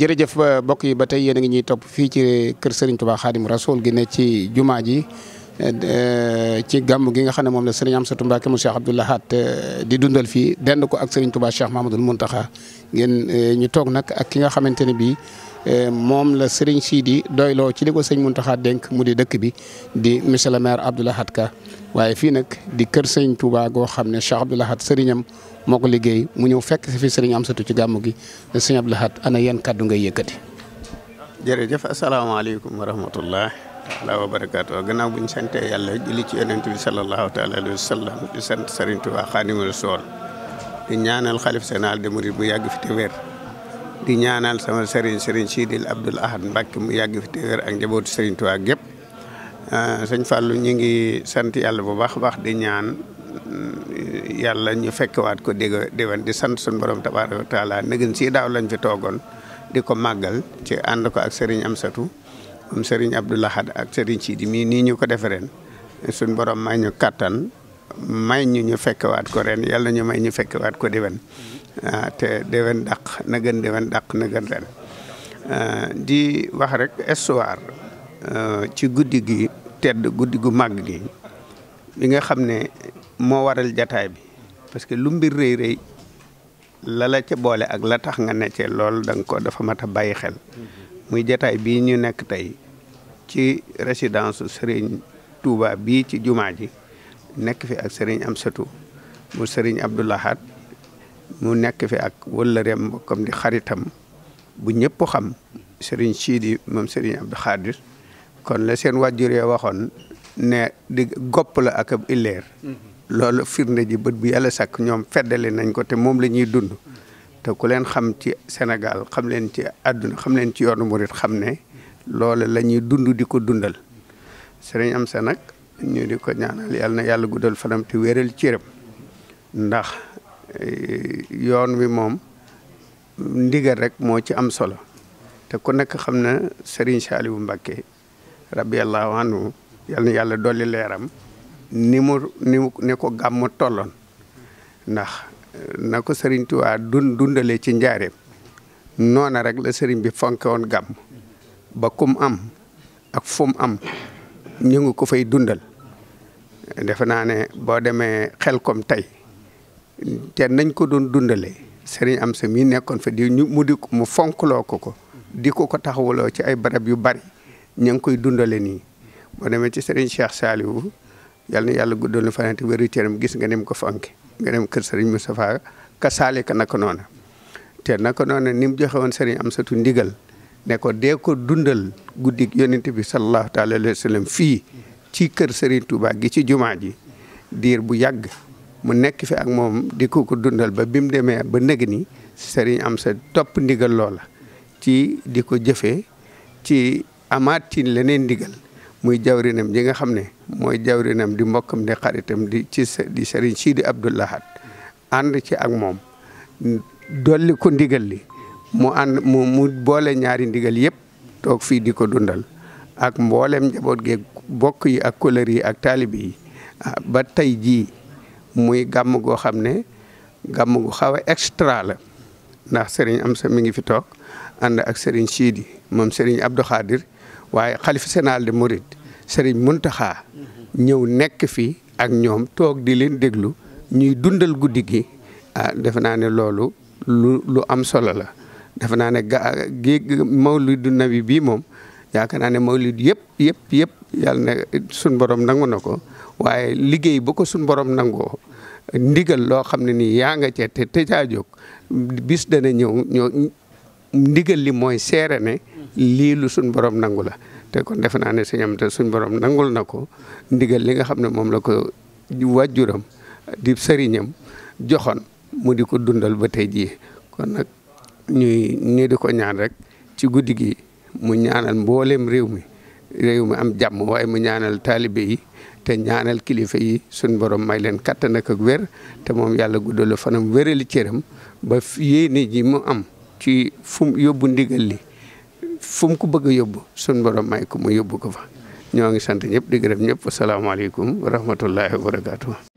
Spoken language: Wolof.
jërëjëf euh, mbokk yi ba tey yéen a ngi ñuy topp fii ci kër Serigne Touba Khadim Rasoul gi ne ci jumaa ji euh, ci gàmm gi nga xam ne moom la Serigne Amsatou Mbacké mu Cheikh Abdou Lahad euh, di dundal fii dend ko ak Serigne Touba Cheikh Mahamadoul Mountakha ngeen ñu toog nag ak ki nga xamante ne bii Eh, moom la Serigne Sidi doyloo ci li ko sëñ Mountakha denk mu di dëkk bi di monsieur le maire Abdou Lahad Ka waaye fii nag di kër sëñ tubaa goo xam ne Cheikh Abdou Lahad sëriñam moo ko liggéey mu ñëw fekk si fi sëriñ Amsatu ci gàmmu gi ne sëñ Abdou Lahad ana ngay yëkkati. jërëjëf asalaamaaleykum wa rahmatullah taala wa barakaatu gannaaw bu ñu sante yàlla julli ci yonent bi sallallahu taala alayhi wa sallam di sant Serigne Touba ñaanal xalif général des mourides bu yàgg fi te weer di ñaanal sama sëriñ sëriñ Sidil Abdoul Ahad Mbacke mu yàgg fi te wér ak njabootu sëriñ Tuubaa gépp ah, sëñ Fallou ñu ngi sant yàlla bu baax baax di ñaan mm, yàlla ñu fekkewaat ko dégg déwén di sant suñu borom ta wa taala nëgën si daaw lañ fi toogoon di ko màggal ci ànd ko ak sëriñ Amsatu moom sëriñ Abdoul Ahad ak sëriñ Sidi mii nii ñu ko deferen ren borom mañu ñu kattan may ñu ñu fekkewaat ko ren yàlla ñu may ñu fekkewaat ko déwén mm-hmm. ah te déwén dàq na gën déwén dàq na gën ren ah, di wax rek histoire ah, ci guddi gi tedd guddi gu màgg gi bi nga xam ne moo waral jataay bi parce que lu mbir rëy rëy la la ca boole ak la tax nga nekkee lool da ko dafa mat a bàyyi xel mm-hmm. muy jataay bii ñu nekk tey ci résidence sëriñ Touba bii ci jumaa ji nekk fi ak sëriñ am sëtu mu sëriñ Abdoulahat mu nekk fi ak wëllëreem mbokkam di xaritam bu ñëpp xam sëriñ Siidi moom sëriñ Abdou Khadir kon la seen wàjjur ya waxoon ne di gopp la ak ab illeer mhm. loolu firnde ji bët bu yàlla sàkk ñoom feddali nañ ko te moom la ñuy dund te ku leen xam ci senegal xam leen ci àdduna xam leen ci yoonu murit xam ne loolu la ñuy dund di ko dundal sëriñ am sa nag ñu di ko ñaanal yàlla na yàlla guddal fanam te wéral cëram ndax eh, yoon wi moom ndigal rek moo ci am solo te ku nekk xam na sëriñ Saliou Mbacké rabiyallahu anhu yàlla na yàlla dolli leeram ni mu ni ko gàmm tolloon ndax na ko Serigne Touba dun dundalee ci njaareem noona rek la Serigne bi fonke woon gàmm ba kum am ak fum am ñu ngi ko fay dundal defe naa ne boo demee xel kom tey te nañ ko doon dundalee sëriñ am sa mii nekkoon fa di mu di mu fonkloo ko ko di ko ko taxawaloo ci ay barab yu bari ñu ngi koy dundale nii boo demee ci sëriñ Cheikh Saliou yal na yàlla guddal na fanati wéru mu gis nga ni mu ko fonke nga dem kër sëriñ Moustapha ka saalika naka noona te naka noona ni mu joxe woon sëriñ am sa tu ndigal ne ko dee ko dundal guddi yonent bi sallallahu taala alayhi wa sallam fii ci kër Serigne Touba gi ci jumaa ji diir bu yàgg mu nekk fi ak moom di ko ko dundal ba bi mu demee ba nëg ni Serigne am sa topp ndigaloo la ci di ko jëfe ci amaat ci leneen ndigal muy jawrinam ji nga xam ne mooy jawrinam di mbokkam di xaritam di ci di Serigne Sidi ànd ci ak moom dolli ko ndigal li mu ànd mu mu boole ñaari ndigal yëpp toog fii di ko dundal ak mboolem njaboot geeg bokk yi ak couleur yi ak taalibe yi ah, ba tey jii muy gàmm goo xam ne gàmm gu xaw a extra la ndax sëriñ am mi ngi fi toog ànd ak Serigne Sidi moom Serigne Abdou waaye xalif général de Mouride Serigne ñëw nekk fi ak ñoom toog di leen déglu ñuy dundal guddi gi ah defe naa ne loolu lu lu am solo la. defe naa ne ga gi mawlidu nabi bii moom yaakaar naa ne mawlid yëpp yëpp yëpp yàlla ne suñ borom nangu na ko waaye liggéey bu ko suñ borom nangoo ndigal loo xam ne nii yaa nga cee te te bis dana ñëw li mooy seere ne suñ borom nangu la te kon defe naa ne suñu suñ borom nangul na ko ndigal li nga xam ne moom la ko wàjjuram di sëriñam joxoon mu di ko dundal ba tey jii kon nag ñuy ñu di ko ñaan rek ci guddi gi mu ñaanal mbooleem réew mi réew mi am jàmm waaye mu ñaanal taalibe yi te ñaanal kilifa yi suñ borom may leen kattan ak ak wér te moom yàlla guddal fanam wérali cëram ba yéene ji mu am ci fu yóbbu ndigal li fu mu ko bëgg yóbbu suñ borom may ko mu yóbbu ko fa ñoo ngi sant ñëpp di gërëm ñëpp asalaamaaleykum wa rahmatullahi wa